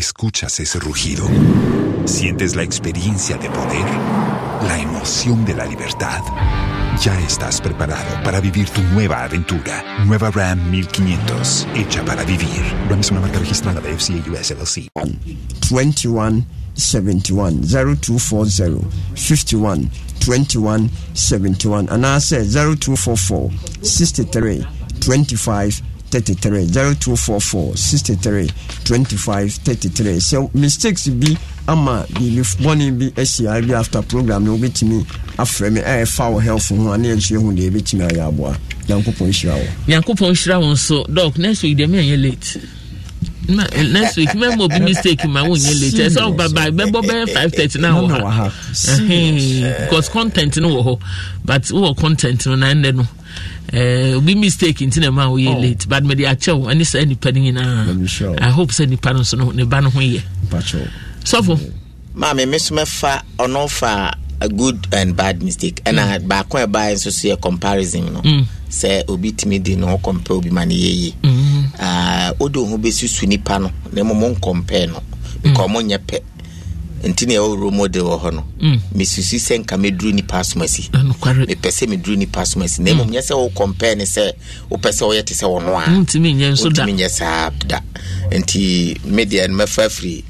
Escuchas ese rugido. Sientes la experiencia de poder, la emoción de la libertad. Ya estás preparado para vivir tu nueva aventura. Nueva Ram 1500, hecha para vivir. Ram es una marca registrada de FCA US LLC. 21 71 0240 51 21 71 and I 0244 63 25 33 0244 63 25 33 sɛ so, mistakes bi ama biribi bɔne bi ahyia bi after program na wobɛtumi afrɛ me a ɛfa wɔ health ho ane akyerɛ ho deɛ ɛbɛtumi ayɛ aboa nyankopɔn hyira wo nyankopɔn hyira wo nso dɔk next week deɛ meɛnyɛ late Ma, eh, next week mẹ́mọ̀ bí mistake ma wò nyẹ late ẹ̀ sọ bàbá bẹ́bọ̀ bẹ́ẹ̀ five thirty náà wọ̀ ha because content ni but wọ̀ content ni náà ẹ̀ nẹ́ no. Eh, obi mistake nti ma woyɛ oh. late but mede akyɛw ɛne saa nipa no nyinaa i hope sɛ nipa no so ne ba no ho yɛ sɔfo maame me so ɔno fa a good and bad mistake ɛna mm. baako a ɛbaeɛ nso so yɛ comparison no mm. sɛ obi tumi di ne compare obi ma ne yɛye mm-hmm. ah, wode wo ho bɛsusu nipa no na mmom nkɔmpare no bikɔ mo mm. monyɛ pɛ nti na ɛwɔ role model wɔ hɔ no mm. mesusu sɛ nka meduru nipa asom asi eh, mepɛ sɛ meduru nipa asom asi na mm. mmom nyɛ sɛ wo compare ne sɛ wopɛ sɛ woyɛ te sɛ wɔno awotumi nyɛ saa da nti medeɛ no mɛfa afiri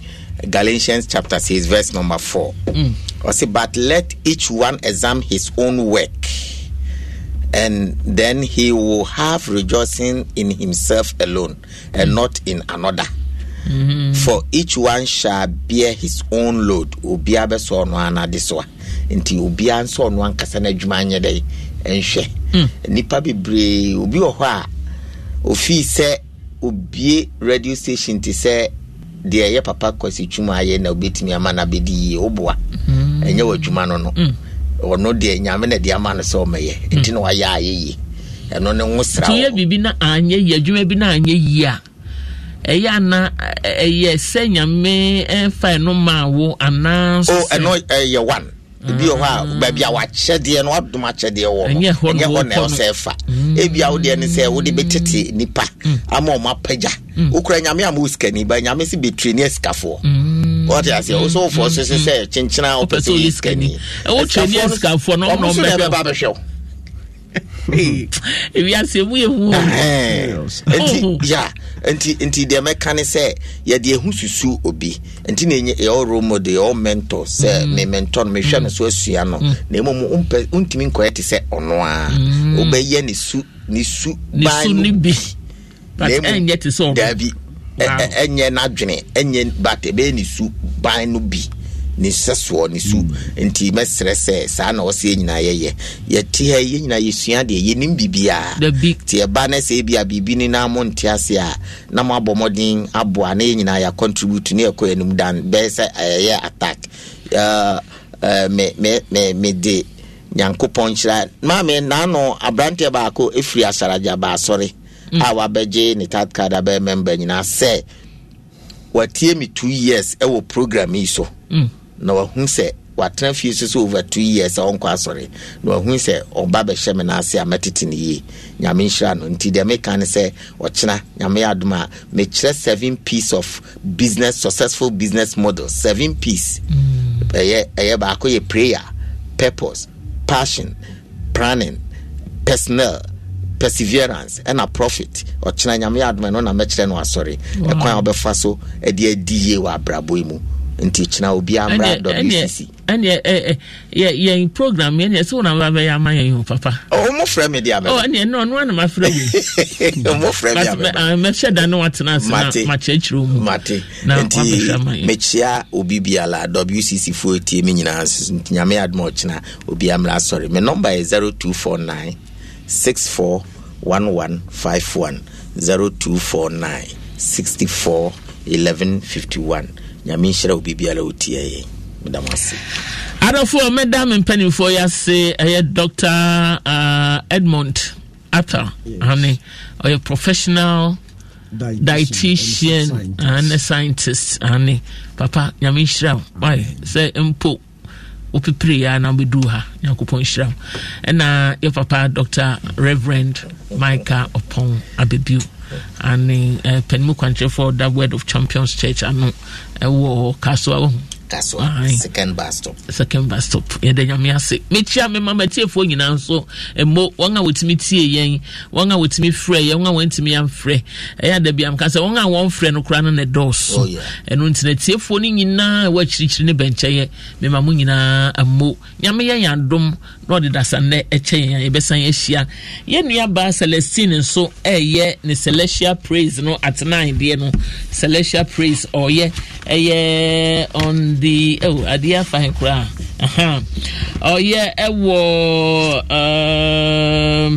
galatians chapter 6 verse number 4 mm. ɔse mm. but let each one examine his own work and then he will have rejoicing in himself alone and mm. not in another Mm-hmm. for each one shall bear his own load obiara bɛsɔ ɔno anade so a nti obiara nso ɔno ankasa no adwuma anyɛ dɛ nhwɛ mm. nnipa bebree obi wɔ hɔ a ofii sɛ obie radio station te sɛ deɛ ɛyɛ papa kwasi twuma ayɛ na obɛtumi ama no abɛdi yie woboa mm-hmm. ɛnyɛ w'adwuma no no mm. ɔno deɛ nyame na de ama no sɛ ɔmɛyɛ nti mm. na wayɛ ayɛ yie ɛno ne wo sra yɛ biribi na anyɛ yie adwuma bi na anyɛ yie a ɛyɛ ana ɛyɛ sɛ nyame ɛfa ɛno maa wo anaa so oh, ɛno ɛyɛ one ebi wɔ hɔ a mm. baabi a wakyɛdeɛ no wadom akyɛdeɛ wɔ no ɛnyɛ hɔ na ɛsɛ fa mm. ebi a wodeɛ ne sɛ wode bɛtete mm. nipa ama ɔmo apagya wokura nyame a ma wosikani ba nyame sɛ bɛtire ne asikafoɔ wɔte aseɛ wo sɛ sɛ sɛ kyenkyena wopɛ sɛ woyɛ sikani ɛwokyerɛ ne no ɔmo so ɛbɛba bɛhwɛ ewiase mu yɛ hu nti deɛ mɛka ne sɛ yɛde ɛho susu obi nti na yɛwɔ role model yɛwɔ mentor sɛ mm. me mentor no mehwɛ no so asua no mm. na mmom wontumi nkɔyɛ te sɛ ɔno a mm. wobɛyɛ ne su ne su ban no bi daabi ɛnyɛ n'adwene ɛnyɛ but ɛbɛyɛ ne su ban no bi ne hyɛsoɔ ne su mm. nti mɛserɛ sɛ saa na ɔsɛ nyinaa yɛyɛ yɛte ha yɛ nyinaa yɛsua deɛ yɛnim biribiaa nti ɛba no sɛ bia biribi ne na mo nte ase a na moabɔ mmɔden aboa na yɛ nyinaa yɛacontribute ne yɛkɔ yɛnum dan bɛyɛ sɛ ɛyɛ attack uh, uh, me, me, me, me de nyankopɔn kyerɛ maame naano aberanteɛ baako ɛfiri asaragya baasɔre mm. a wabɛgye ne tat card abɛyɛ member nyinaa sɛ watie me two years ɛwɔ program yi so mm na wahu sɛ watena fie so so over two years a ɔnkɔ asɔre na wahu sɛ ɔba bɛhyɛ me n'ase a mɛtete ne yie nyame nhyira no nti deɛ meka ne sɛ ɔkyena nyame adom a mekyerɛ seven piece of business successful business model seven piece mm. ɛyɛ mm. ɛyɛ baako yɛ prayer purpose passion planning personnel perseverance ɛna profit ɔkyena nyame adom ɛno na mɛkyerɛ no asɔre ɛkwan a wobɛfa so ɛde adi yie wɔ abrabɔ yi mu nti kyena obiaa mmra wcc yɛn program ɛneɛ sɛ wonam babɛyɛ ama yɛn ho papa ɔmo frɛ me de amɛneɛ no ɔno ana mafrɛ wemɛhyɛ da ne watena ase na makyerɛkyerɛ mu mate nti mekyea obi biala wcc foɔ tie me nyinaa nti nyame adoma ɔkyena obi amra asɔre me number yɛ 0249 64 1151 0249 64 nyame nhyira wo biribiara wotia yɛ medam ase adɔfoɔ mɛda me mpanimfoɔ yɛ ase ɛyɛ dr uh, edmond atta yes. ane ɔyɛ professional dietitian ane scientist ane papa nyame nhyira wo sɛ mpo wopepere yɛ na wobɛduu ha nyankopɔn nhyira wo ɛna yɛ papa dr reverend mica ɔpɔn abɛbio ane uh, panimu kwankyerɛfoɔ da word of champions church ano ɛwɔ hɔ kasoa kasoa ah, second bus stop second bus stop yɛda nyame ase mekyia me ma matiefoɔ nyinaa nso mmo wɔn a wɔtumi tie yɛn wɔn a wɔtumi frɛ yɛn wɔn a wɔntumi amfrɛ ɛyɛ ada bi amka sɛ wɔn a wɔmfrɛ no koraa no na dɔɔso ɛno nti na tiefoɔ no nyinaa ɛwɔ akyirikyiri ne bɛnkyɛyɛ mema mo nyinaa ammo nyame yɛ yɛn adom na ɔde dasannɛ ɛkyɛ yɛn a yɛbɛsan ahyia yɛn nuabaa celestine nso ɛɛyɛ ne celestial praise no atenaedeɛ no celestial praise ɔyɛ oh, ɛyɛ eh, on de oh, adeɛ afan koraa ɔyɛ uh -huh. yeah, ɛwɔ um,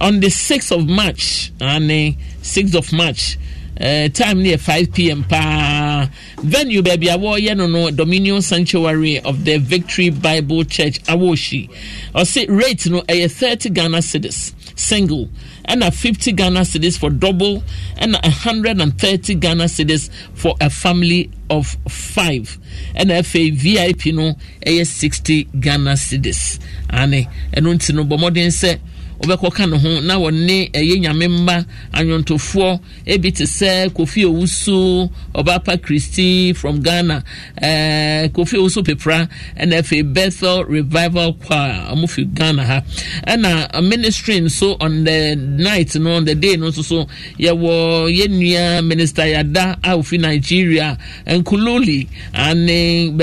on the sixth of march ane sixth of march Eh, time near 5 p.m. pa venue baby awo ye no no Dominion Sanctuary of the Victory Bible Church awoshi or say rate no a eh, 30 Ghana cedis single and a 50 Ghana cedis for double and a 130 Ghana cedis for a family of five and a VIP no a eh, 60 Ghana cedis ane and until no bomodin say wobɛkɔka ne ho na wɔne ɛyɛ eh, nyame mma anwontofoɔ ebi te sɛ kofi owusu ɔbaapa christy from ghana ɛɛ eh, kofi owusu pepra ɛna afei bethel revival choir ɔmo fi ghana ha ɛna ministry nso on the night no on the day no nso so yɛwɔ yɛn nua minister yada a ofi nigeria nkululi, ane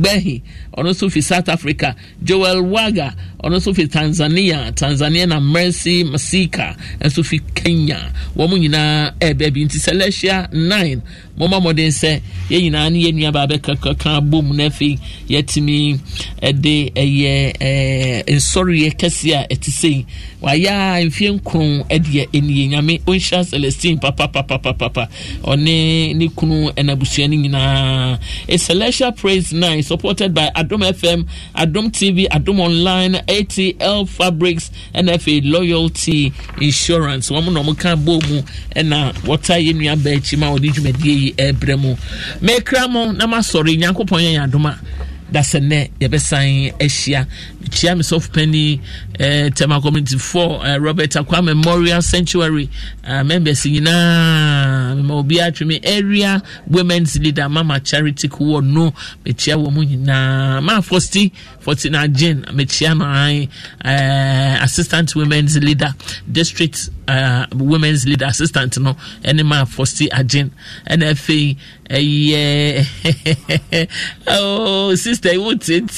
bɛhi. ɔno nso fi south africa joel waga ɔno nso fi tanzania tanzania na mercy masika nso fi kenya wɔn nyinaa ɛɛbɛ eh, bi nti celestia nine mɔma mɔden sɛ yɛn nyinaa ne yɛn nuaba abɛkakaka abom na afei yɛtumi ɛde eh, ɛyɛ eh, ɛɛ nsɔreɛ kɛseɛ a ɛte sɛ yi wayɛ a mfie nkron ɛdeɛ ɛnie nyame onhyia celestine papapapapapa ɔne ne kunu ɛna abusua nyinaa a celestial praise nine supported by. adom fm adom tv adom online atl fabrics NFA loyalty insurance Wamu na wɔn ka bɔ mu ɛna wɔta bechi ma wɔde dwumadie yi ɛrebrɛ mu mɛkra na ma nyankopɔn yɛ yɛn yaduma dasene dasɛnɛ yɛbɛsan chia kyia mesɔfo uh, tema community four uh, robert akwa memorial sanctuary uh, members nyinaa mema obi atweme area women's leader mama charity kuwɔ no mekyia wɔ mu nyinaa ma fosti fortina jen mekyia no ae uh, assistant women's leader district uh, women's leader assistant no ɛne ma fosti agyen ɛna afei ɛyɛ oh sister wotitim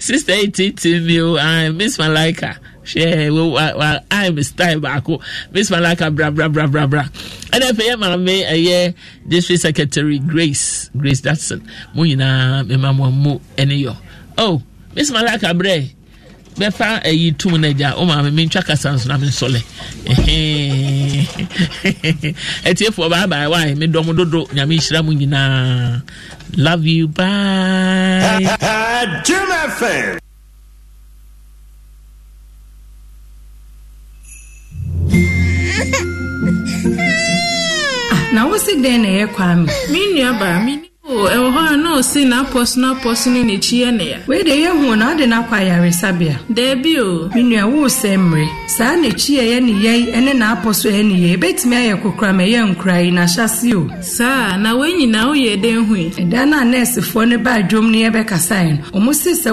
sister yi titim mi o miss miss malaika hyɛ wa i'm style baako miss malaika bra bra bra bra bra ɛna afei yɛ maame ɛyɛ district secretary grace grace datson mo nyinaa mema mo mu ɛne yɔ oh miss malaika brɛ bɛfa ɛyi tum no agya wo maame mentwa kasa nso na mensɔle atiefoɔ baabae wa medɔm dodo nyame nhyira mu nyinaa love you bye Ah, na wosi dɛn na ɛyɛ kwame me nnuabaa me ɛwɔ oh, e hɔ a na ɔsi n'apɔso n'apɔso na n'akyi yɛ ne ya. wei yɛ hu na ɔde n'akɔ ayaresabea. dɛbi o. mi nua sɛ mmiri saa n'akyi yɛ yɛ ne yɛi ɛne n'apɔso yɛ ne ebetumi ayɛ kokora na wɔn nyinaa woyɛ den hu yi. ɛdan a nɛɛsefoɔ ne baa dwom ne yi no wɔn si sɛ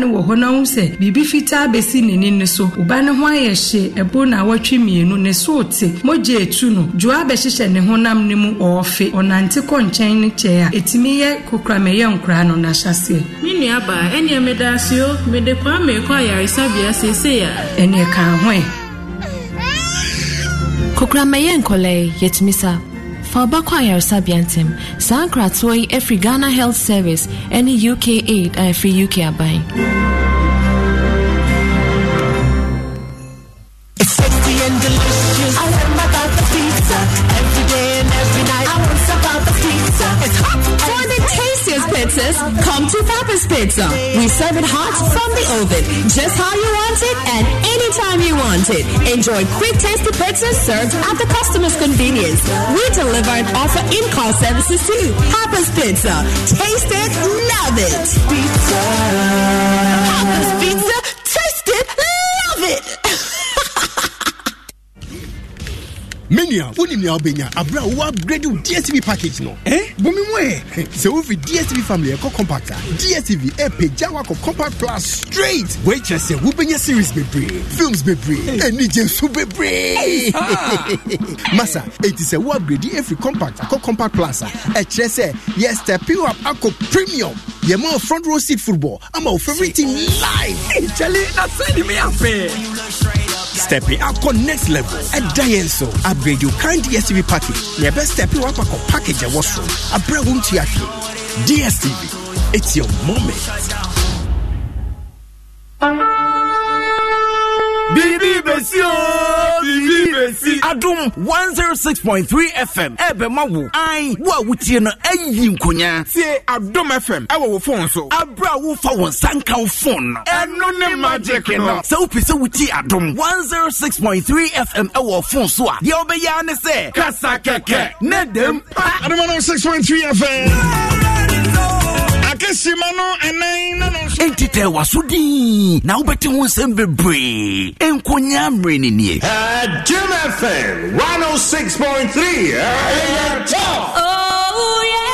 na ho sɛ biribi fitaa besi n'ani ne so ho ayɛ hye ɛbo na awɔtwe mmienu ne so mogya etu no dua abɛhyehyɛ ne honam ne mu ɔɔfe ɔnante kɔ nkyɛn yɛtumi yɛ kokora mɛyɛ nkoraa no n'ahyɛseɛ me nuaba ɛneɛ meda ase mede kwa meekɔ ayaresabea seesei a ɛneɛ kaa ho ɛ kokora mɛyɛ nkɔlɛe yɛtumi sa fa wobɛkɔ ayaresabea ntɛm saa nkratoɔ yi afiri ghana health service ne uk aid a ɛfiri uk aban Come to Papa's Pizza. We serve it hot from the oven, just how you want it and anytime you want it. Enjoy quick, tasty pizza served at the customer's convenience. We deliver and offer in-call services too. Papa's Pizza. Taste it, love it. Papa's Pizza. me nua wonim nea wobɛnya aberɛ a wowɔ upgrade wo dstv package no eh? bomi mu ɛ sɛ wofi dstv family ɛkɔ compact a dstv ɛpagya wakɔ compact plus straight woakyerɛ sɛ wobɛnya series bebree films bebree anigye nso bebree masa enti sɛ wo upgrade ɛfiri compact akɔ compact plus a ɛkyerɛ sɛ yɛ akɔ premium yɛma wo front row seat football ama wo favorite team live ɛkyɛle na sɛne me afɛ stepping to next level ɛda yɛn upgrade your current dstv package na ɛbɛ stepping wakɔ akɔ package ɛwɔ so abrɛ wɔn ti ahwɛ dstv it's your moment bíbí ìbèsí o bíbí ìbèsí. adum one zero oh six point three fm ẹ bẹ ma wo ayin wo a wotie ẹ yi nkonya. tie adum fm ẹ wọ wo fone so. abúlé awo fa wọn sankaw fone na. ẹnu ni magic nọ. sẹ pèsè wotie adum one zero oh six point three fm ẹ wọ fone so a yẹ ọbẹ yá ni sẹ. kasa kẹkẹ ne dem pa. adumanu oh six point three fm akasi ma no ɛnan na no nso. Enti tɛ waso din na wobɛte ho nsɛm bebree nkonya mmere ne nie. Jim FM 106.3 ɛyɛ tough. Oh, yeah.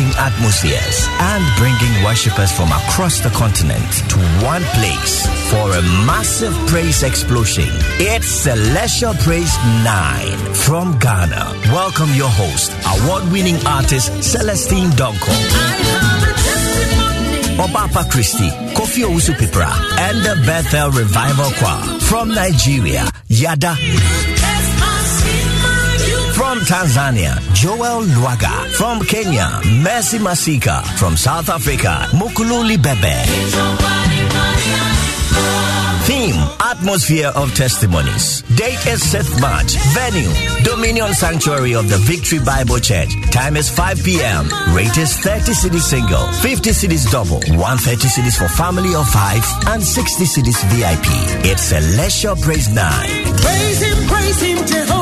atmospheres and bringing worshippers from across the continent to one place for a massive praise explosion. It's Celestial Praise 9 from Ghana. Welcome your host, award-winning artist Celestine Donko. Obapa Christie, Kofi Owusu and the Bethel Revival Choir from Nigeria, Yada. Tanzania, Joel Luaga from Kenya, Mercy Masika from South Africa, Mukululi Bebe. Theme Atmosphere of Testimonies. Date is 7th March. Venue Dominion Sanctuary of the Victory Bible Church. Time is 5 p.m. Rate is 30 cities single, 50 cities double, 130 cities for family of 5, and 60 cities VIP. It's a leisure praise night. Praise Him, praise Him, Jehovah.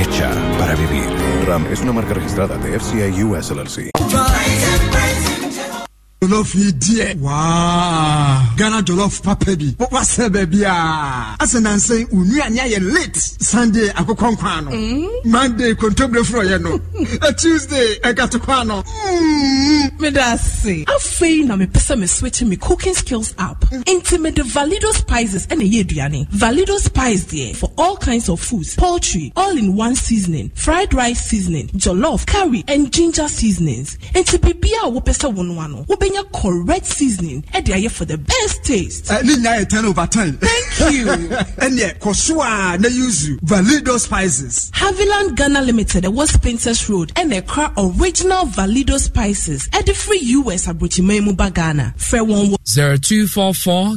hecha para vivir. Ram es una marca registrada de FCI US jollof yi deɛ waa ghana jollof papa bi wɔsɛ baabi a asɛ nansan onua ni ayɛ late sunday akokɔ nkwan mm. no monday kontomire fura yɛ no tuesday ɛkato kwan no. meda mm. ase afei na mepɛ sɛ me switch me cooking skills app. nti mede valido spices ɛna ɛyɛ aduane valido spice deɛ for all kinds of foods poultry all in one seasoning fried rice seasoning jollof curry and ginger seasonings nti biribiara a wopɛ sɛ wo no ano yɛ correct seasoning ɛde ayɛ for the best taste. ẹ ní nyà yẹ ten over ten. thank you. ɛnìyɛ kɔsuwa na yuzu valido spices. haviland ghana limited ɛwɔ Princess road ɛna ɛkura original valido spices ɛde free us abrokyimɛ mu ghana fɛ wɔn wɔ. zero two four four.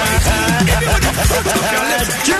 Everybody,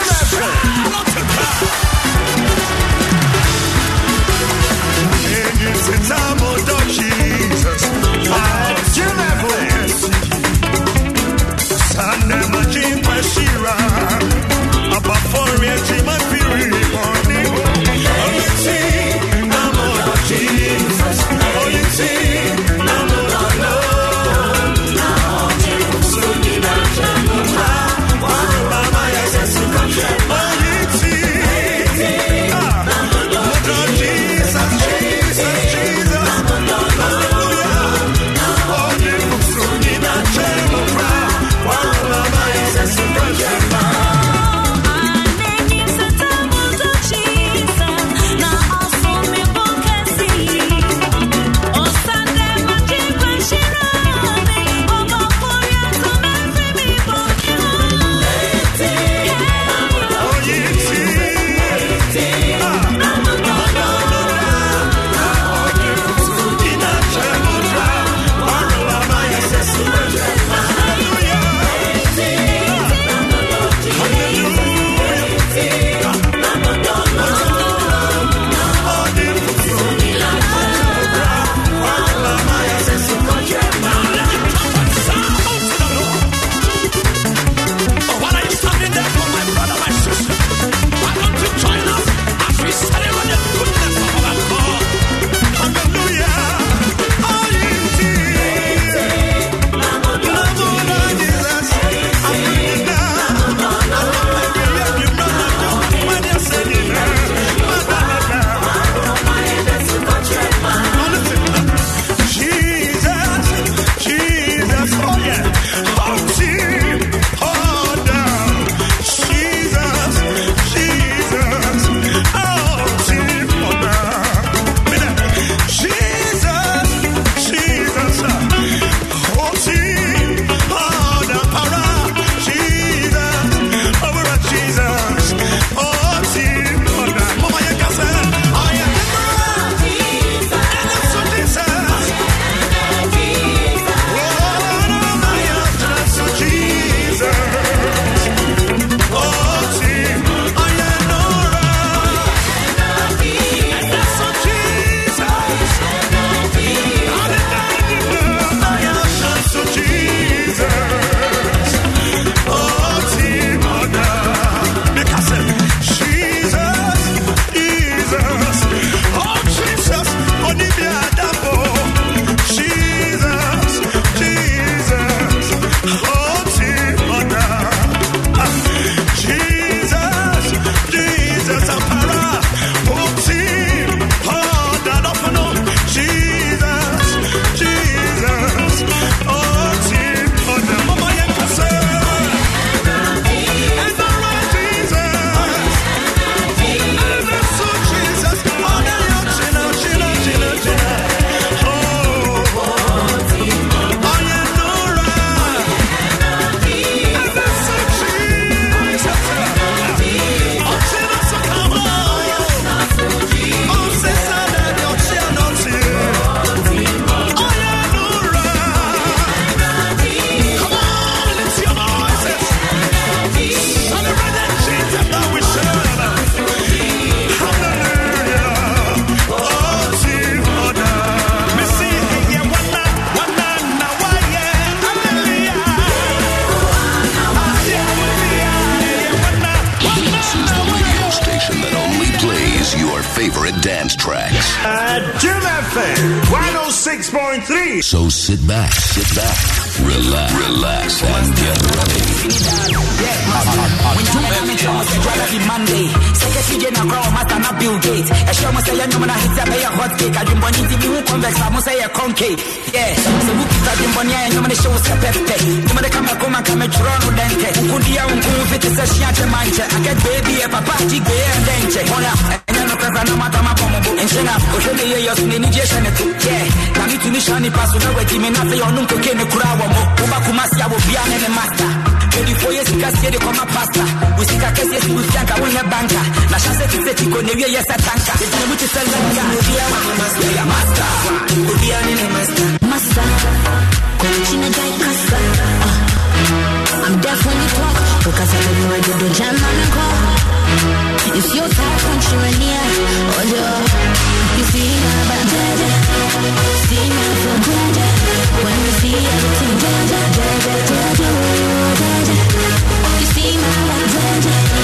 sika sie de kɔma pasta wo sika kɛseɛ si wo fianka wonyɛ banka na hyɛ sɛ Master, Jai Kasa. Uh, I'm deaf when you talk, because I don't know I do jam call. If you're tired, come Oh, yeah. You see, I'm See me from judge. When you see everything, judge, judge, judge, judge, judge. Yeah.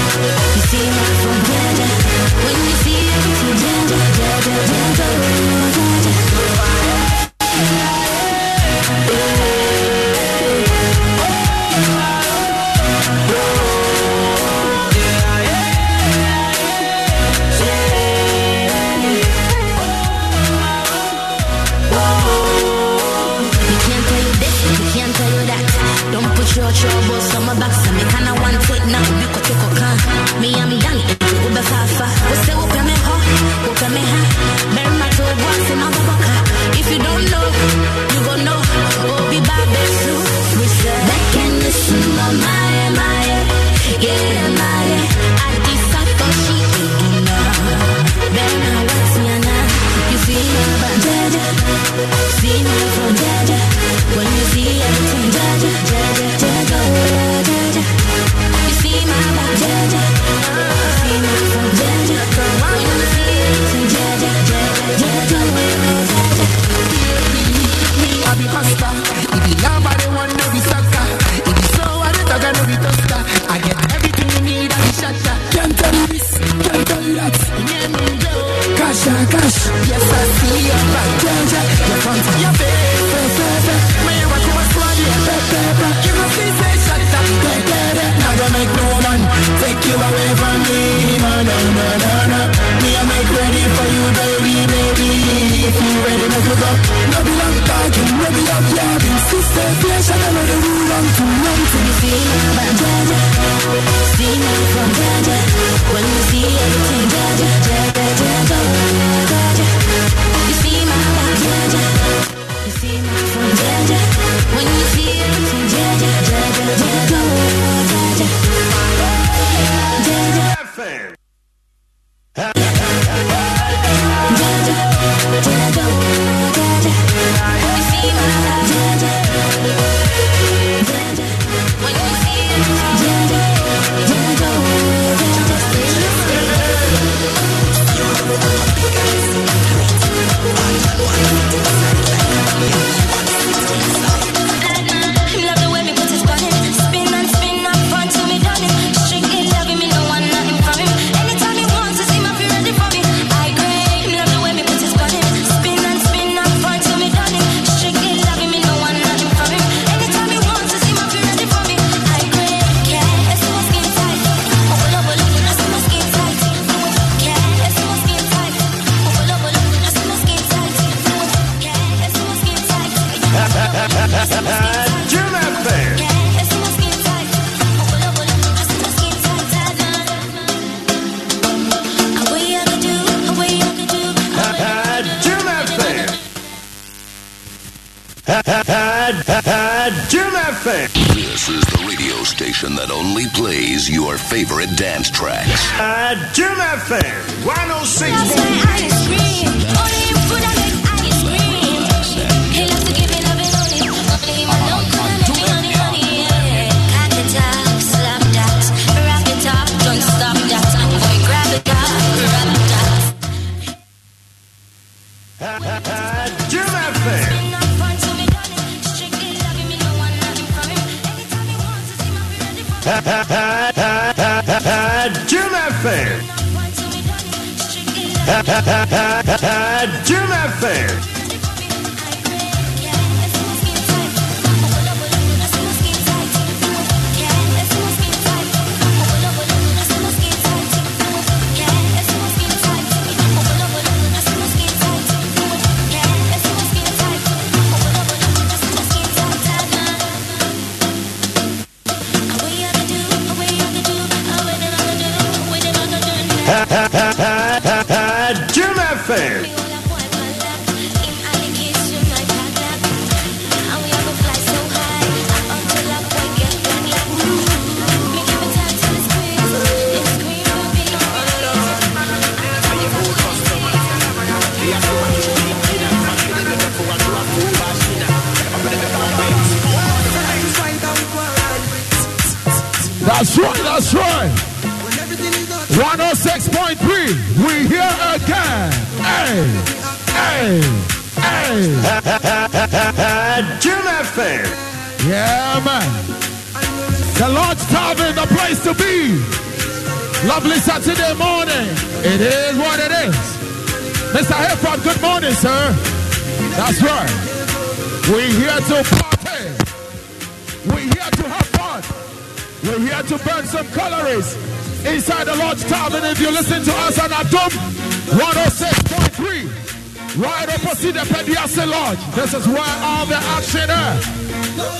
106.3, right opposite the Pediasa Lodge. This is where all the action is.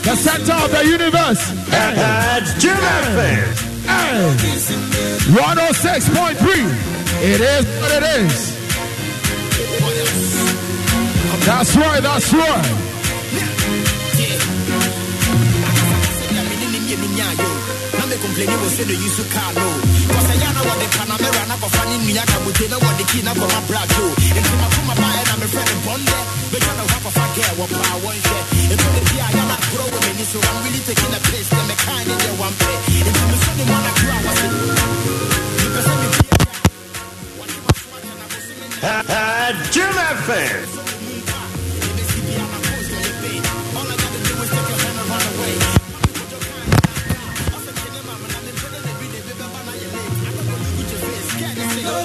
The center of the universe. And that's Jim and 106.3. It is what it is. That's right, that's right. they complaining was use car no. Cause I know what am up a funny New i my too. And from my I'm a friend of one But know, care what And from the I'm not growing so I'm really taking a place, kind in one pay. And grow, I said, Jim FM.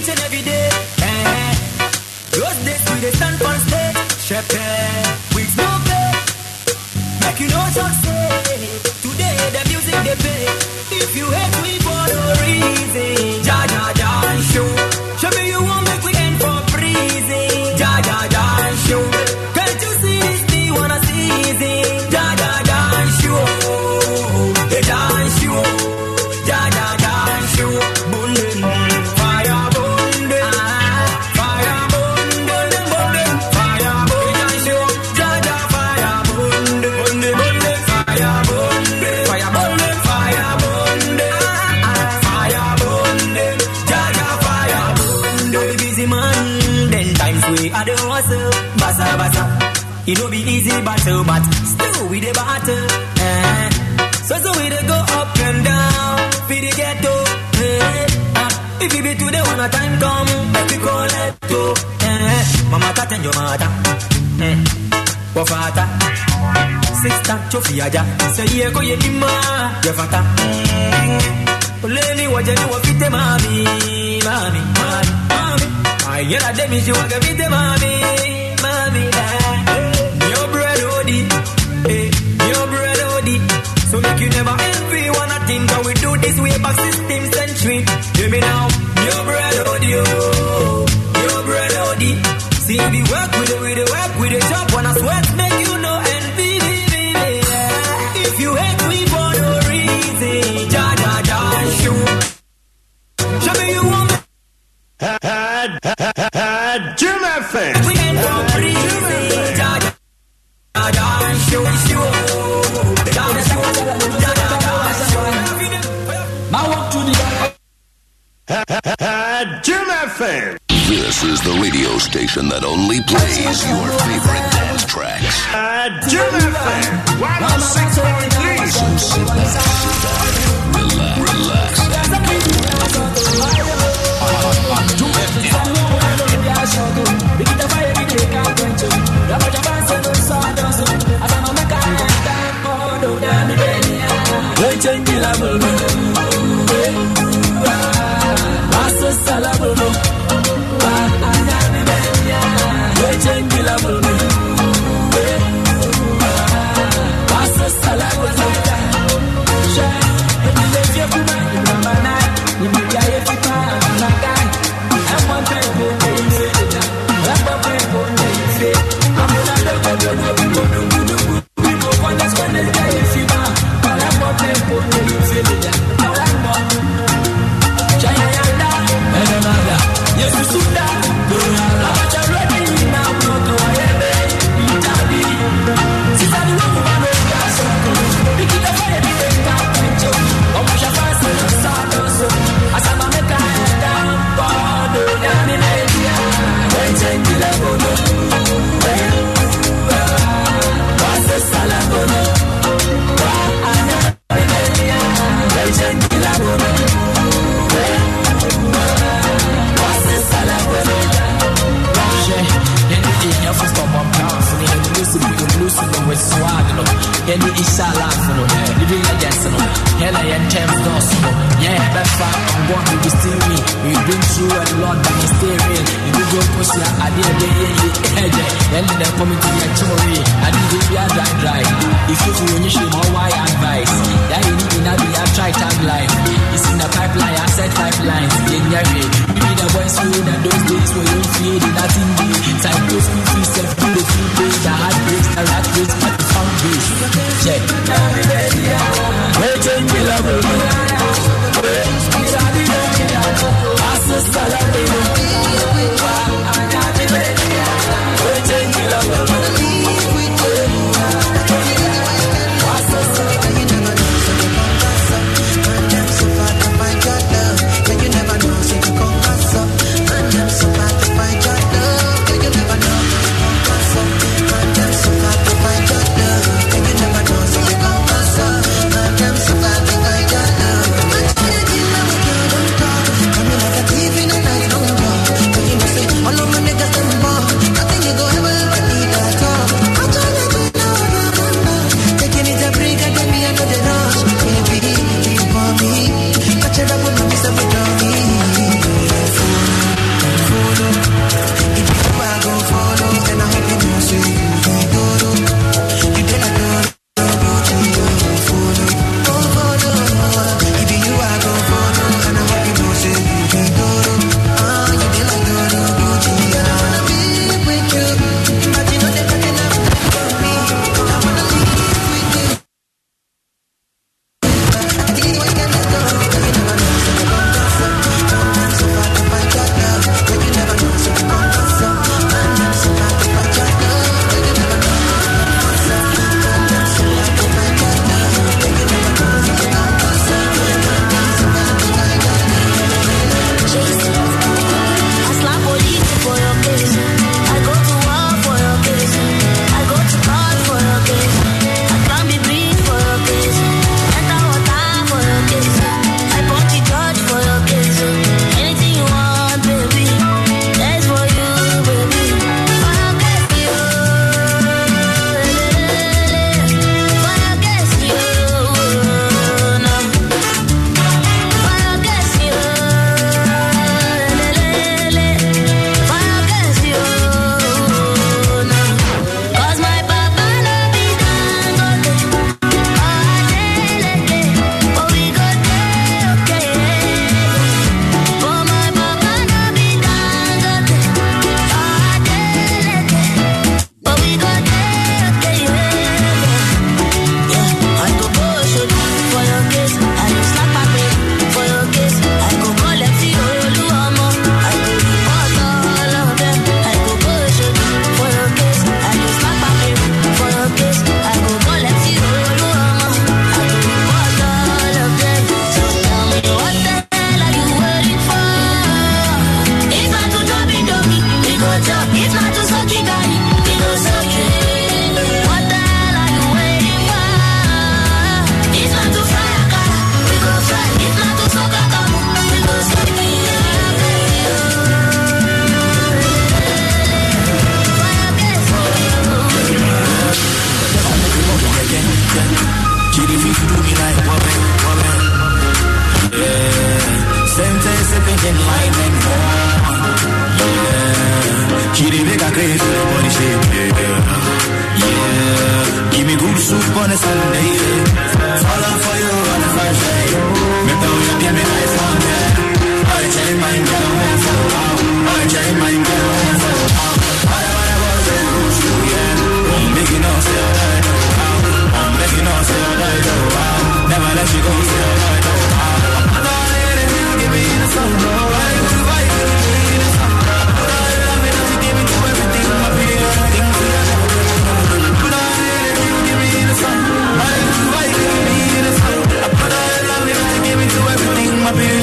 each and every day. Those eh. days to the stand for stage, shepherd, we smoke it, make you success. jaja sayiye ko ye Ye jafata oleni wajani wafite mami mami mami ayera demi jiwaga wakafite mami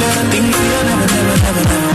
Things we never, never, never, never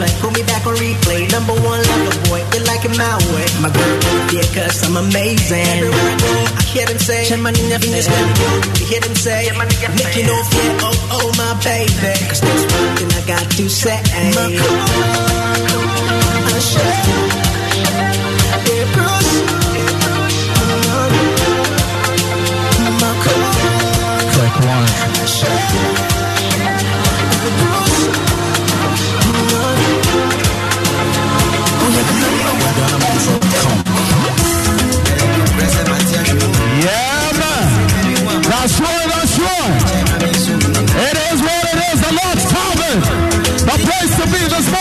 play. me back on replay. Number one lover boy, you like it my way. My girl, yeah, cause I'm amazing. Everywhere I go, I hear them say, Check my nigga, Venus, You hear them say, Make you know, fear." oh, oh, my baby. Cause there's one thing I got to say. My girl, I should, yeah, girl. The place to be this morning.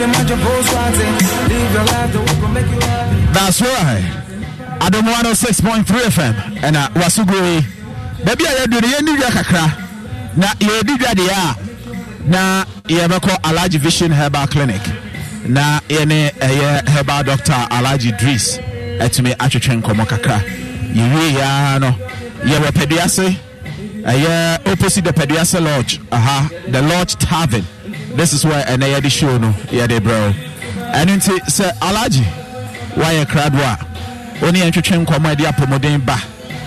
That's right. Adam 106.3 FM. And I uh, Wasugui. Baby, I do the end of Kakra. Na yɛdi dwa deɛ a na yɛbɛkɔ alage vision herbal clinic na yɛne ɛyɛ uh, herbal doctor alage dris atumi atwetwe nkɔmmɔ kakra yɛwie yɛa no yɛwɔ paduase ɛyɛ opposite the paduase lodge aha the lodge tavern this is why ɛnɛ yɛde show no yɛde brɛ wo ɛno nti sɛ alagye woayɛ krado a wo ne yɛntwetwe nkɔmmɔ ɛde apɔmuden ba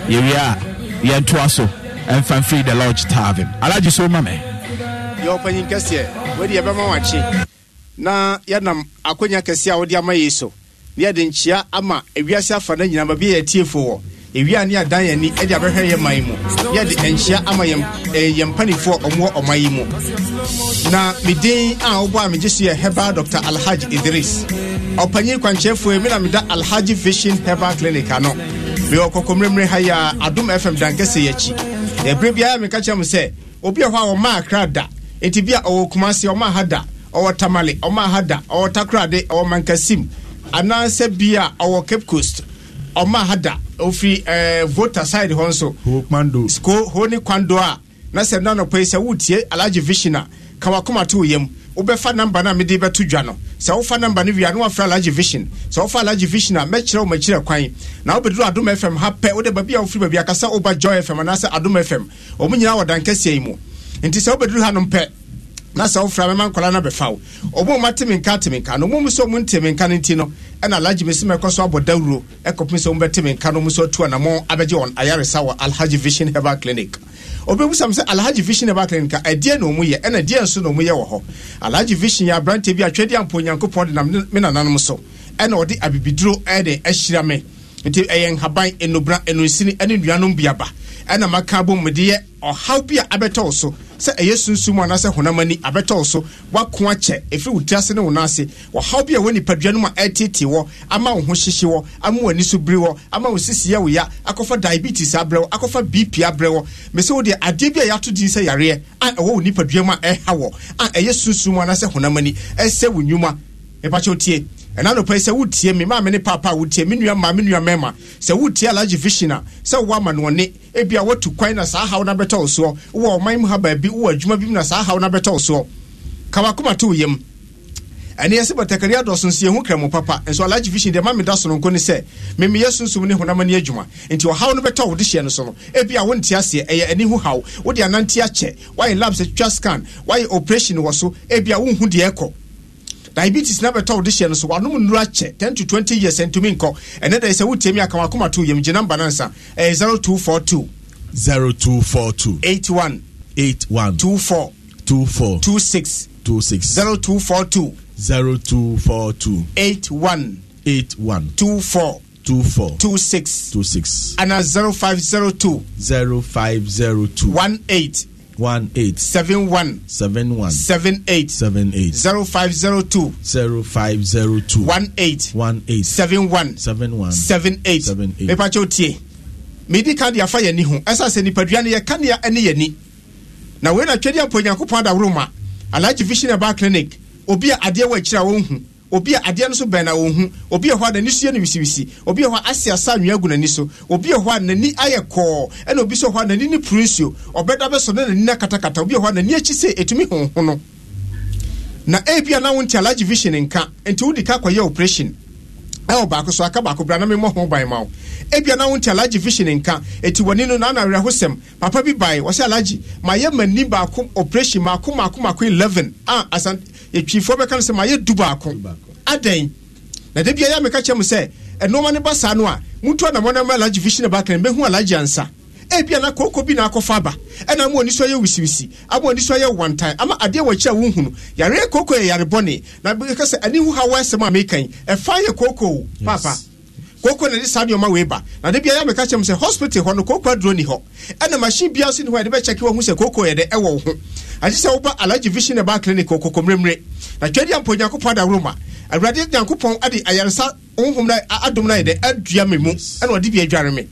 yɛwie a yɛntoa so ɛmfa mfiri the lodge tavern. Alaji so ma me yɛ ɔpanyin kɛseɛ wode yɛbɛma wakye na yɛnam akonya kɛseɛ a wode ama yei so na yɛde nkyea ama ewiase afa no nyinaa baabi yɛatiefo wɔ ewia ne adan yɛn ni de abɛhwɛ yɛn man mu yɛde nkyea ama yɛn eh, mpanifoɔ ɔmo wɔ ɔman yi mu na medin a wobɔ a megye so yɛ heba dr alhaj idris ɔpanyin kwankyerɛfoɔ mi na meda alhaj vision heba clinic ano mewɔ kɔkɔmmerɛmmerɛ ha yi adom fm dankɛsɛ yɛakyi ɛberɛ biara meka kyerɛ mu sɛ obi a hɔ a ɔma akra da enti bi a ɔwɔ kuma se ɔma ha da ɔwɔ tamale ɔma ha da ɔwɔ takorade ɔwɔ mankasim anaasɛ bi a ɔwɔ cape coast ɔma ha da ofiri ɛɛ eh, voter side hɔ nso ho ne kwando a na sɛ yi sɛ wotie alhaj vision a kawakoma to yam wobɛfa namba no a mede bɛto dwa no sɛ wofa namba no wie a na wafrɛ alage vision sɛ wofa large vision a mɛkyerɛ wo makyirɛ kwan na wobɛduru adom fm ha pɛ wode baabi a wofiri baabi akasa woba joy fm anaasɛ adom fm ɔmo nyinaa wɔdankɛseɛ yi mu nti sɛ wobɛduru ha no mpɛ na sɛ wofra mɛma nkɔla no bɛfa wo ɔmo ma temenka temenka no ɔmomu sɛ ɔmu ntemenka no nti no ɛna alagye me sɛ mɛkɔ so abɔ dawuro ɛkɔpem sɛ ɔmu bɛtemenka no ɔmu sɛ atu anamɔ abɛgye wɔn ayaresa wɔ alhage vision herbal clinic ɔbɛbusam sɛ alhaji vision ne bakra nika ɛdeɛ na ɔmu yɛ ɛna deɛ nso na ɔmu yɛ wɔ hɔ alhaji vision yɛ aberanteɛ bi atwɛdeɛ ampo onyankopɔn de nam me nananom so ɛna ɔde abibiduro ɛde ahyira nti ɛyɛ nhaban nnubra ɛnonsini ɛne nnuanom bi ɛna maka bɔ mu deɛ ɔhaw bi a abɛtɔw so sɛ ɛyɛ sunsum anaasɛ honam ani abɛtɔw so wako akyɛ ɛfiri wo ti ase ne wo nan ase ɔhaw bi a ɛwɔ nipadua no mu a ɛtetee wɔ ama wo ho hyehye wɔ ama wo ani so bere wɔ ama wo sisiɛ wo ya akɔfa diabetes abrɛ wɔ akɔfa bp abrɛ wɔ mɛ sɛ wo deɛ adeɛ bi a yɛato din sɛ yareɛ a ɛwɔ wo nipadua mu a ɛha wɔ a ɛyɛ sunsum anaasɛ honam ani ɛsɛ wo nnwuma ɛbakyɛw tie ɛna nopɛ sɛ wotie me maame ne papa a wotie me nua maa me nua mɛma sɛ wotie alagye vision a sɛ wowɔ ama no ɔne ebi watu kwan na saa haw no abɛtɔ wo soɔ wowɔ ɔman mu ha baabi wowɔ adwuma bi mu na saa haw no abɛtɔ wo soɔ kawakoma to wo yam ɛne yɛsɛ batakari adɔso nso yɛhu kramo papa nso alagye vision deɛ ma meda sononko ne sɛ memeyɛ sunsum ne honam ne adwuma enti ɔhaw no bɛtɔ wo de hyɛ no so no ebi wonte aseɛ ɛyɛ ani ho haw wode anante akyɛ woayɛ labs atwitwa scan woayɛ operation wɔ so ebi wonhu deɛ ɛkɔ diabetes na bɛtɔ wode hyɛ no so wanom nnuro akyɛ Ten to twenty years ntumi nkɔ ɛnɛ da sɛ wotie mi aka wakoma to yɛm gye namba no nsa ɛyɛ 0242 two four two 24 24 26 26 0242 0242 81 81 24 24 26 26 and two one eight one eight seven one seven one seven eight seven eight zero five zero two zero five zero two one eight one eight seven one seven one seven eight seven eight. mepa kyɛw tie medi kan de afa yɛn ni ho ɛsɛ sɛ nipadua no yɛka nea ɛne yɛn ni na wei na twɛde apɔ nyankopɔn adaworo ma alagye vision ɛbaa clinic obi a adeɛ wɔ akyire a wɔnhu obi a adeɛ no so bɛn na wɔn obi a hɔ a n'ani sua no wisiwisi obi a hɔ a asi asa anwea gu n'ani so obi a hɔ a n'ani ayɛ kɔɔ ɛna obi so hɔ a n'ani ne puru nsuo ɔbɛda bɛsɔ na n'ani na katakata obi a hɔ a n'ani akyi sɛ etumi no na ebi a n'awo nti alaji vision nka nti wodi ka akɔyɛ operation ɛwɔ baako so aka baako bra na memmɔ ho ban ma wo ebia na wonte alagye vision nka ɛti w'ani no naana awerɛhosɛm papa bi bae wɔsɛ alagye mayɛ m'ani baako operation maako maako maako 11 a asan yɛtwifoɔ bɛka no sɛ mayɛ du baako adɛn na da bia yɛ a meka kyerɛ mu sɛ ɛnoɔma no ba saa no a mutu anammɔnama alagye vision baaka no bɛhu alagye ansa ebi ana kooko bi na akɔfa aba ɛna ama onisɔ yɛ wisiwisi ama onisɔ yɛ wantan ama adeɛ wɔ kyɛ wohunu yare koko yɛ yare bɔne na kasa ani hu ha wɔ ɛsɛm a mekan ɛfa yɛ kooko papa koko na de saa nneɛma wei ba na de biara meka kyɛm sɛ hospital hɔ no kooko aduro ni hɔ ɛna machine biara si ne hɔ a yɛde bɛkyɛke wɔn ho sɛ kooko yɛ dɛ ɛwɔ wo ho agye sɛ woba alagye vision ɛba clinic wɔ koko mmerɛmmerɛ na twɛde ampo nyankopɔn adaworoma awurade nyankopɔn ade ayaresa honhom no adom no ayɛ dɛ adua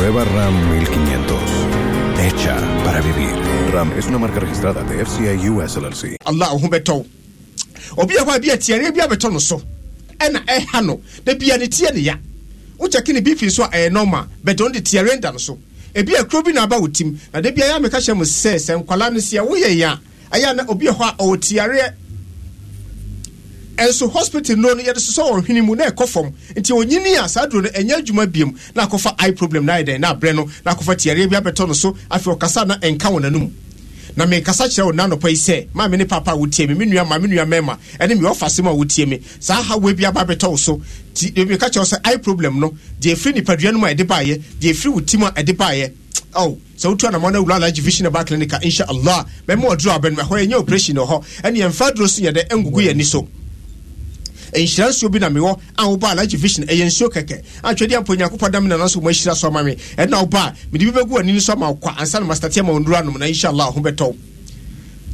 Nueva RAM 1500. Hecha para vivir. RAM es una marca registrada de FCI US LLC. Allah Hubeto. Obia wa bia tiare bia beto no so. Ena eha eh, no. De bia ne tie ne ya. Wocheki ne bifi so e eh, normal, but on the tiare nda no so. Ebi akro bi na aba wotim. Na de bia ya meka hye mo se se nkwala no se wo ya. Aya na obi ho a ɛnso hospital no no yɛde sosɔ ɔhene mu na ɛkɔ fam nti onyini a saa duro no ɛnyɛ adwuma biam na akɔfa eye problem na ayɛ dɛn na abrɛ no na akɔfa tiareɛ bi abɛtɔ no so afei ɔkasa na ɛnka wɔ n'anom na menkasa kyerɛ wo nanɔpɔ yi sɛ maame ne papa a wotie me me nua ma me nua mɛma ɛne me ɔfa asɛm a wotie me saa hawa bi aba bɛtɔ wo so nti e, meka kyerɛ wo sɛ aye problem no deɛ ɛfiri nipadua no mu a ɛde baeɛ deɛ ɛfiri wo tim a ɛde baeɛ oh sɛ wotu anamɔ no awura alagye vision aba clinic a inshallah mɛma ɔduru abɛnom ɛhɔ ɛnyɛ operation wɔ hɔ ɛne yɛmfa duro so yɛdɛ ɛngugu yɛni so nhyira nsuo bi na mewɔ a woba alagye vision ɛyɛ nsuo kɛkɛ atwɛdeɛ mpo nyankopɔn dam nana so mahyira so ama me ɛna woba a mede bi bɛgu anini so ama wokwa ansa no mastateɛ ma ɔnduru anom na inshallah ho bɛtɔ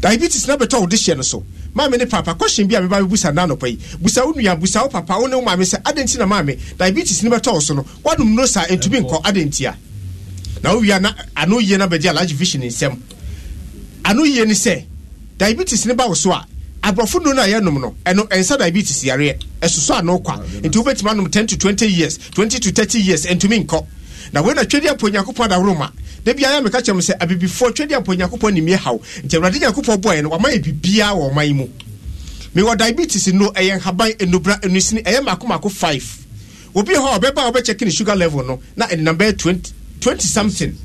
diabetes na bɛtɔ wo de hyɛ no so maame ne papa question bi a meba mebusa nna anɔpa yi busa wo nua busa wo papa wo ne wo maame sɛ adɛn na maame diabetes ne bɛtɔ wo so no woanom no saa ɛntumi nkɔ adɛn ntia na wowie na ano yie na a large vision nsɛm ano yie ne sɛ diabetes ne ba wo so a aborɔfo do no a yɛnom no ɛno ɛnsa diabetes yareɛ ɛsoso ano kwa ah, nti wobɛtumi anom 10 to 20 years 20 to 30 years ɛntumi nkɔ na wei na twɛdi apɔ onyankopɔn adaworoma da biara meka kyerɛ m sɛ abibifoɔ twɛdi apɔ onyankopɔn nimyɛ haw nti awurade nyankopɔn bɔɛ no wama yɛ biribiaa wɔ ɔman mu mewɔ diabetes no ɛyɛ nhaban nnubra ɛnusini ɛyɛ maakomaako 5 obi hɔ a ɔbɛba a wɔbɛkyɛke ne sugar level no na ɛnenam bɛyɛ 20, 20 something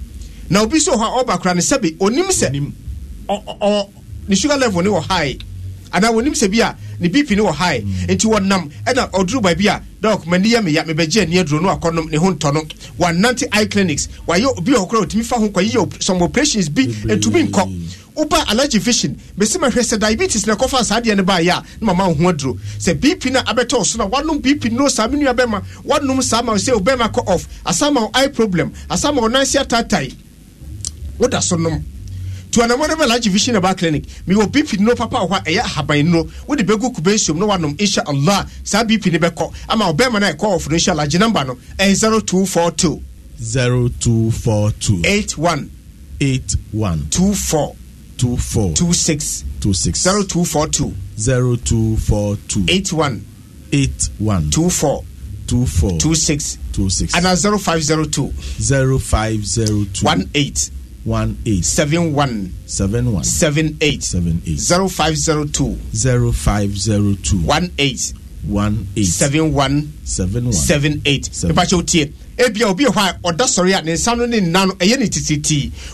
na obi so hɔ a ɔba kora ne sɛbe onim sɛ ne sugar level ne wɔ high anaa wɔnim sɛ bi a ne bp no wɔ hae hmm. nti wɔnam ɛna ɔduru baabi a dɔk m'ani yɛ meya mebɛgye ani aduro no akɔnom ne ho ntɔ no wɔanante eye clinics wayɛ bi wɔ kora wɔtumi fa ho kɔyiyɛ some operations bi ɛtumi nkɔ woba allergy vision mesi mahwɛ sɛ diabetes na ɛkɔfa saa deɛ ba baayɛ a na mama wo ho aduro sɛ bp no abɛtɔ so no woanom bp no saa me nua bɛma woanom saa ma sɛ wobɛma kɔ off asa wo eye problem asa ma wo nansi atatae woda so nom tuanamɔ ne bɛ lagye vision aba clinic mewɔ bp no papa wɔ hɔ a ɛyɛ ahaban no wode bɛgu kubensuom na wanom insha allah saa bp ne bɛkɔ ama ɔbɛrima no a ɛkɔ ɔfo no insha allah gye number no ɛyɛ 0242 0242 81 81 24 24 26 26 0242 0242 81 81 24 24 26 26 and 0502 0502 18 one eight seven one seven one seven eight seven eight zero five zero two zero five zero two one eight one eight seven one seven one seven eight ìpàṣẹ o tiẹ ebi a obi wɔ hɔ a ɔda sɔre a ne nsa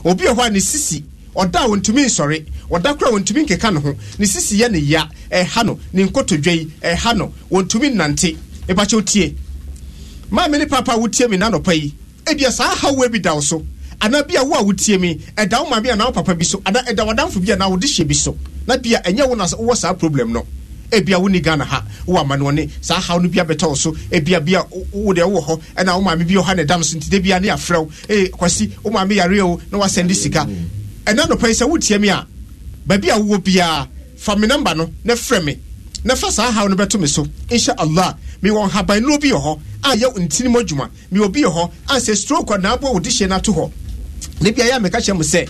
obi wɔ hɔ sisi ɔda a wɔntumi nsɔre ɔda kora wɔntumi nkeka ne ho ne sisi yɛ ne ya ɛha no ne nkotodwe yi ɛha no wɔntumi nnante ìpàṣẹ o tiẹ maame ne papa a wotie mi nanɔpa yi ebi a saa ahawo ebi da so. Ana bi a wo a wotie mi ɛda wo maame anaa wo papa bi so anaa ɛda wadamfo bi anaa wode hyɛ bi so na bi a ɛnyɛ wo na wowɔ saa problem no ebia wo ni ghana ha wo amanoɔne saa haw no bi abɛtɔ so ebia bi a wo deɛ wowɔ hɔ ɛna wo maame bi ɔha ne dam so nti de bia ne afrɛw ee kwasi wo maame yare o na wasɛnde sika ɛna nɔpɛ yi sɛ wotie mi a baabi a wowɔ biara fa me namba no na frɛ me na fa saa haw no bɛto me so insha allah mewɔ nhaban no bi wɔ hɔ a yɛ ntinimo adwuma mewɔ bi wɔ hɔ a sɛ stroke a naabɔ wo de hyɛ no ato hɔ ne bia yɛ a meka kyɛ mo sɛ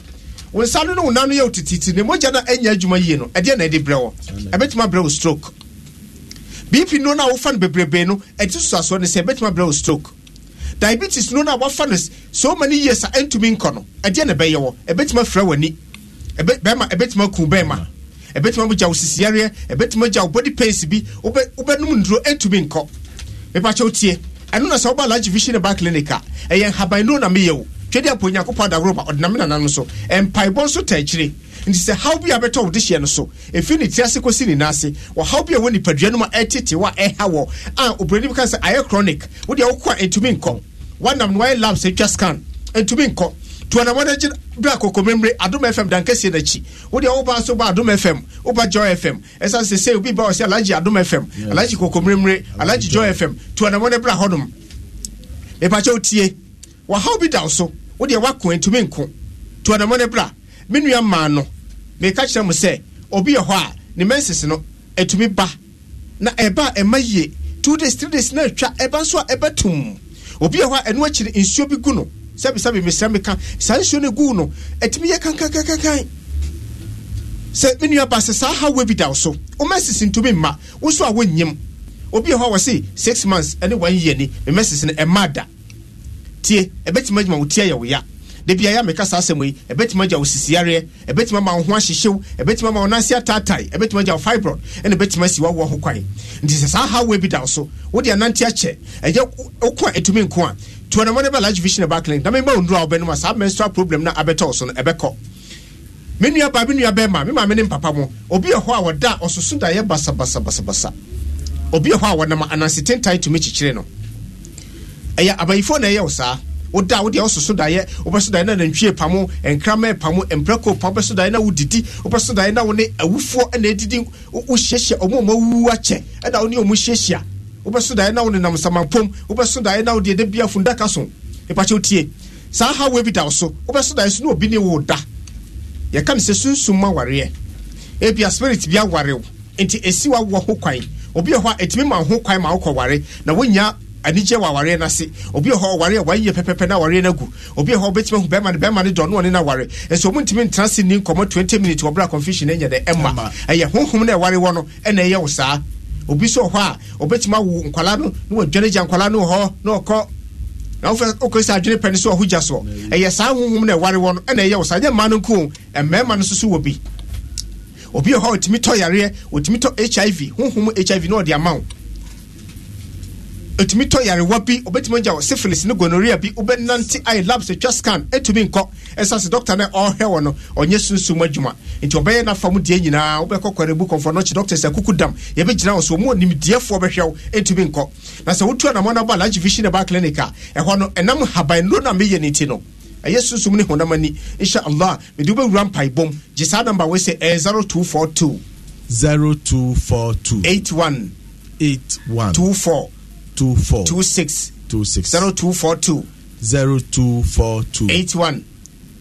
wo nsa no ne wo nan no yɛ wotititi ne mogya no anya adwuma yie no ɛdeɛ na ɛde brɛ wɔ ɛbɛtumi abrɛ wo stroke bp no no a wofa no bebrebee no ɛte susuasoɔ no sɛ ɛbɛtumi abrɛ wo stroke diabetes no no wafa no so many years a ɛntumi nkɔ no ɛdeɛ na ɛbɛyɛ wɔ ɛbɛtumi afrɛ w'ani bɛrima ɛbɛtumi aku bɛrima ɛbɛtumi agya wo sisiareɛ ɛbɛtumi agya wo body pains bi wobɛnum nduro ɛntumi nkɔ mepakyɛ wotie ɛno na sɛ woba large vision ba clinic a ɛyɛ nhaban no na meyɛ wo twɛde apɔ onyankopɔn adaworoma ɔdenam nana no so mpaebɔ nso ta nti sɛ haw bi a bɛtɔ wo de no so ɛfiri ne ti ase kɔsi ne ase wɔhaw bi a wɔ nipadua no mu ɛtete wɔ a ɛha wɔ a oburoni bi ka sɛ ayɛ chronic wodeɛ wokɔ a ɛntumi nkɔ wanam no wayɛ labs atwa scan ɛntumi nkɔ tuanamɔde gye bra kɔkɔmemmere adom fm dankɛsie no akyi wodeɛ woba so ba adom fm woba joy fm ɛsiane sɛ sɛ obi ba ɔ sɛ alagye adom fm alagye kɔkɔmmeremmere alagye joy fm tuanamɔde bra hɔnom mepakyɛ wotie wahaw bi da wo so wodeɛ woako antumi nko to ɔdamɔ no bra me nua maa no meka kyerɛ mo sɛ obi yɛ hɔ a ne mɛnsese no atumi ba na ɛba a ɛma yie two days three days na atwa ɛba nso a ɛbɛtom obi yɛ hɔ a ɛno akyiri nsuo bi gu no sɛbisɛbi mesrɛ meka saa nsuo no gu no atumi yɛ kankankankan sɛ me nua ba sɛ saa hawa bi da wo so womɛsese ntumi mma wo a wonyim obi yɛ hɔ a wɔ six months ne one year ni memɛsese no ɛma da tie ɛbɛtumi agyina wo tie yɛ wo ya debi a yɛ ameka saa asɛm yi ɛbɛtumi agya wo sisiareɛ ɛbɛtumi ama wo ho ahyehyew ɛbɛtumi ama wo nase ataatae ɛbɛtumi agya wo fibroid ɛna ɛbɛtumi asi wawoɔ ho kwan nti sɛ saa hawe bi da wo so wode anante akyɛ ɛyɛ woko a ɛtumi nko a tuanamɔ ne bɛlage vision ɛba clinic na mema wo nnura a wobɛnom a saa menstrual problem na abɛtɔ wo so no ɛbɛkɔ me nua baa me nua bɛrima me maame ne mpapa mu obi wɔ hɔ a wɔda ɔsoso daeɛ basabasabasabasa obi wɔ hɔ a wɔnam ananseten tae tumi kyekyere no ɛyɛ abayifo na ɛyɛ saa woda wode wososo daeɛ wobɛso daeɛ na nantwie pamo nkrama pamo mprɛko pa wobɛso daeɛ na wodidi wobɛso daeɛ na wo ne awufoɔ na ɛdidi wohyiahyia ɔmo ɔma wuwu akyɛ ɛna wo ɔmo hyiahyia wobɛso daeɛ na wo nenam samampom wobɛso daeɛ na wode ɛda bia fundaka so nipakyɛ wotie saa hawe bi da wo so wobɛso daeɛ so na obi ne wo da yɛka no sɛ sunsum ma wareɛ ebia spirit bi aware nti ɛsi wa wɔ ho kwan obi yɛ hɔ a ɛtumi ma ho kwan ma wokɔware na wonya anigye wɔ awareɛ n'ase obi wɔ hɔ ɔware a pɛpɛpɛ na awareɛ no agu obi wɔ hɔ ɔbɛtumi ahu bɛrima no bɛrima no dɔn no ɔne no ɔmo ntumi ntena se ni nkɔmɔ twenty minutes wɔbrɛ confusion ɛnyɛ dɛ ɛma ɛyɛ honhom na ɛware wɔ no ɛna ɛyɛ wo saa obi nso wɔ hɔ a ɔbɛtumi awo nkwalaa no na wadwane gya nkwalaa no wɔ hɔ na ɔkɔ na wofɛ okɔ sɛ adwene pɛ no so ɔho gya soɔ ɛyɛ saa honhom na ɛware wɔ no ɛna ɛyɛ wo saa nyɛ mmaa no nko mmarima no nso so wɔ bi obi wɔ ɔtumi tɔ yareɛ ɔtumi tɔ hiv honhom hiv na ɔde ama wo ɛtumi tɔ yarewa bi ɔbɛtumi agya wɔ syphilis ne gonorrhea bi wobɛnante ayɛ labs atwa scan ɛtumi nkɔ ɛsa sɛ doctor no ɔhwɛ wɔ no ɔnyɛ sunsum adwuma nti ɔbɛyɛ no afa mu deɛ nyinaa wobɛkɔ kwarebu kɔmfɔ no kye doctor sɛ kuku dam yɛbɛgyina wɔ so ɔmu ɔnimdeɛfoɔ bɛhwɛ wo ɛtumi nkɔ na sɛ wotu anammɔ no bɔ alagye vision ba clinic a ɛhɔ no ɛnam haban no na meyɛ no nti no ɛyɛ sunsum ne honam ani insha allah mede wobɛwura mpaebɔm gye saa number wei sɛ ɛyɛ 0242 0242 81 81 24 two four two six two six zero two four two zero two four two eight one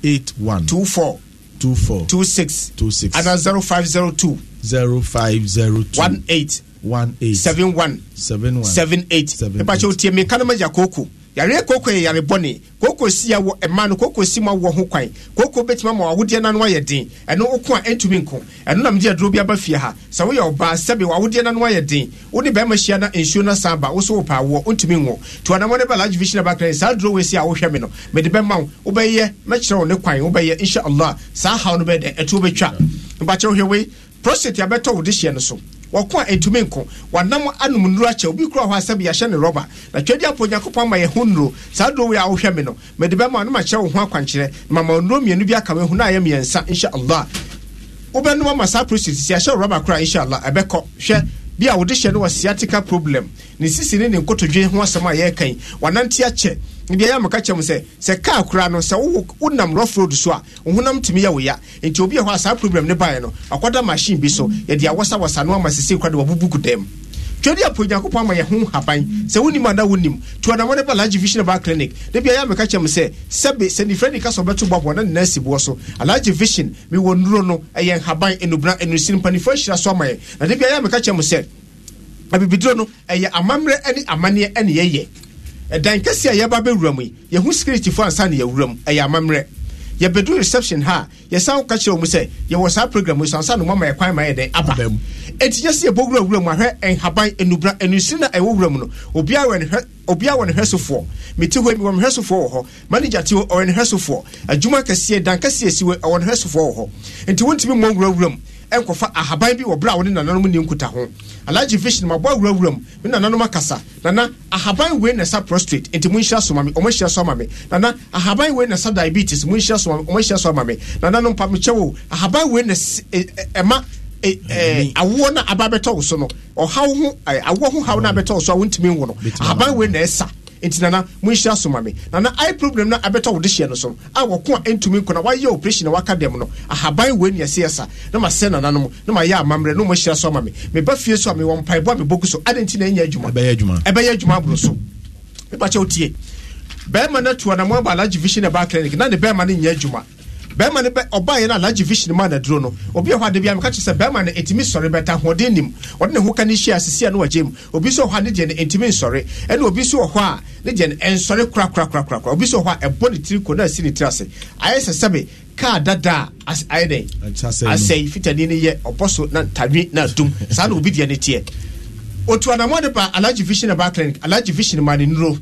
eight one two four two four two six two six and zero five zero two zero five zero two one eight one eight seven one seven one seven eight. seven eight. ẹ bá ṣe o tiẹ̀ mi kánú mẹ́jà kókò yàrá koko yɛ yàrá bɔne koko si awɔ ɛma no koko si mu awɔ ho kwan koko betuma ma awodeɛ nanu ayɛ den ɛno oko a ɛntumi nko ɛno nam deɛ duro bi aba fie ha sɛ woyɛ ɔbaa sɛbi awodeɛ nanu ayɛ den wone bɛrima hyia na nsuo na san ba woso wopa awoɔ ontumi nwo to anamɔ ne ba large vision abakra saa duro wɔ si a wohwɛ me no mede bɛma wo wobɛyɛ mɛkyerɛ wo ne kwan wobɛyɛ insha allah saa haw no bɛdɛ ɛto wobɛtwa mbakyerɛ wohwɛ wei prostate abɛtɔ wo de hyɛ no so wɔko a ɛntumi nko wanam anom nnuro akyɛ obi kura hɔ a yɛahyɛ ne rɔba na twɛdi apɔ onyankopɔn ama yɛ ho nnuro saa duro wei a wohwɛ me no mede bɛma no makyerɛ wo ho akwankyerɛ na mama nnuro mmienu bi aka me ho no a yɛ mmiɛnsa inshallah wobɛnom ama saa prosit si ahyɛ rɔba koraa inshallah ɛbɛkɔ hwɛ bi a hyɛ no wɔ sciatica problem ne sisi ne ne nkotodwe ho asɛm a yɛrekan wanante akyɛ ne biara maka kyɛ mu sɛ sɛ kaa koraa no sɛ wonam rough road so a wo honam tumi yɛ wo ya nti obi a hɔ a saa problem ne baɛ no akɔda machine bi so yɛde awɔsawɔsa no ama sesei kora de wabubu ku dam twɛde apɔ onyankopɔn ama yɛ ho haban sɛ wonim ana wonim nti ɔnamɔ ne ba large vision ba clinic da bia yɛ meka kyɛ m sɛ sɛbe sɛ nifrɛ nika sɛ ɔbɛto bɔbɔ na nena asi boɔ so alage vision mewɔ nnuro no ɛyɛ haban anubra anusiri mpanifoɔ ahyira so ama yɛ na da bia yɛ meka kyɛ m sɛ abibiduro no ɛyɛ amammerɛ ne amanneɛ ɛne yɛyɛ ɛdan kɛseɛ a yɛba bɛwura mu yi yɛho sikiritifoɔ ansa ne yɛwura mu ɛyɛ amammerɛ yɛbɛdu reception ha yɛsan ka kyerɛ mu sɛ yɛwɔ saa program yi so ansa no mama yɛkwan ma yɛ dɛn aba ɛnti yɛ sɛ yɛbɔ wura wura mu ahwɛ nhaban anubra anusiri na ɛwɔ wura mu no obiara wɔ ne hwɛ obiara wɔ ne hwɛ sofoɔ mete hɔ wɔ ne hwɛ sofoɔ wɔ hɔ manager te hɔ ɔyɛ ne hwɛ sofoɔ adwuma kɛseɛ dan kɛseɛ si hɔ ɔwɔ ne hwɛ sofoɔ wɔ hɔ nti wontumi mmɔ wura wura mu nkɔfa ahaban bi wɔ berɛ a wɔne nananom ne nkuta ho alagye fish no mabɔ awurawura mu me nananom akasa nana ahaban wei na ɛsa prostrate enti monhyira so ma me ɔmahyira so nana ahaban wei na ɛsa diabetes monhyira so ma me ɔmahyira so ama me nana no mpa mekyɛ wo ahaban wei na e, e, ɛma e, awoɔ no aba bɛtɔ wo so no ɔhaw ho awoɔ ho haw no abɛtɔ so a wontumi nwo no ahaban wei na ɛsa nti nana monhyira so ma me nana eye problem na abɛtɔ wo de hyɛ no so a wɔko a ɛntumi nkɔ na wayɛ operation na waka dɛm no ahaban wei neɛsɛ yɛ sa na masɛ nana no mu na mayɛ amammerɛ na moahyira so ama me meba fie so a mewɔ mpaebɔ a mebɔku so adɛ nti na ɛnyɛ adwuma ɛbɛyɛ adwuma aboro so mebakyɛ wotie bɛrima no atua na moaba alagye vision ɛba clinic na ne bɛrima no nyɛ adwuma bɛrima no bɛ ɔbaa yɛn no alagye vision ma na duro no obi ɔhɔ ade bi ameka kyerɛ sɛ bɛrima no ɛtumi sɔre bɛta ahoɔden nim ɔde ne ho ka ne hyia asisi a no wagye mu obi nso ɔhɔ a ne deɛ no ɛntumi nsɔre ɛna obi nso ɔhɔ a ne deɛ no ɛnsɔre korakorakorakorakora obi nso ɔhɔ a ɛbɔ ne tiri ko na asi ne tiri ase ayɛ sɛ sɛbe kaa dada a ayɛ dɛ asɛe fitani no yɛ ɔbɔ so na tawe na adum saa na obi deɛ no teɛ otu anammɔ de ba alagye vision ba clinic alagye vision ma ne nuro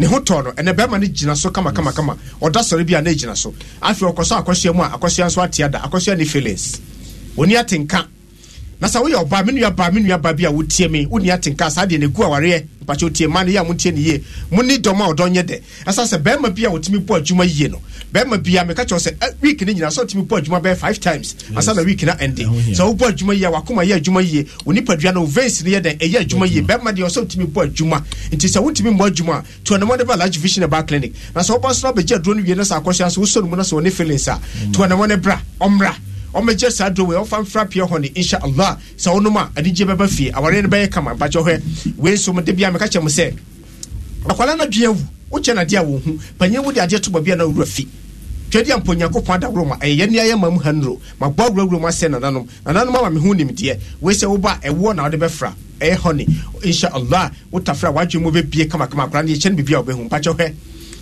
ne ho tɔ no ɛnɛ bɛrima no gyina so kamakamakama ɔda sɔre bi a na gyina so afei ɔkɔ so akɔsoa mu a akɔsoa nso atea da akɔsoa ne feelings ɔni atenka na sɛ woyɛ ɔba me nuaba me nuaba bi a wotie me wo nua tenka saa deɛ negu awareɛ mpakyɛ wotie ma no yɛ a montie ne yie mo ne dɔm a ɔdɔ nyɛ dɛ ɛsa sɛ bɛrima bi a wotumi bɔ adwuma yie no bɛrima bi a meka kyerɛ sɛ week no nyina sɛ wotumi bɔ adwuma bɛyɛ five times ansa na week no ɛnde sɛ wobɔ adwuma yie a wakoma yɛ adwuma yie wo no veins no yɛ dɛn ɛyɛ adwuma yie bɛrima deɛ ɔsɛ wotumi bɔ adwuma nti sɛ wotumi mmɔ adwuma to anamɔ de ba large vision ba clinic na sɛ wobɔ so no abɛgye aduro no wie no sɛ akɔhyɛ so wosɔ no mu no sɛ wɔne feelings a to mm. ne bra ɔmmra ɔmɛgye saa duro ɔfa mfra pia hɔ ne insha allah sɛ wonom a anigye bɛba fie aware no bɛyɛ kama bakyɛ hwɛ wei nso m da bia meka kyɛ mo sɛ akwala no adwene awu wokyɛ no adeɛ a wɔ hu panyin wode adeɛ to baabi a na wowura fi twɛde ampa onyankopɔn adaworo ma ɛyɛ yɛne ayɛ ma mu ha nnuro mabɔ awurawura mu asɛ nananom nananom ama me ho nimdeɛ wei sɛ woba ɛwoɔ na wode bɛfra ɛyɛ hɔ ne insha allah wotafra a wadwene mu bɛbie kamakama akora no yɛkyɛ no biribi a wobɛhu mpakyɛ hwɛ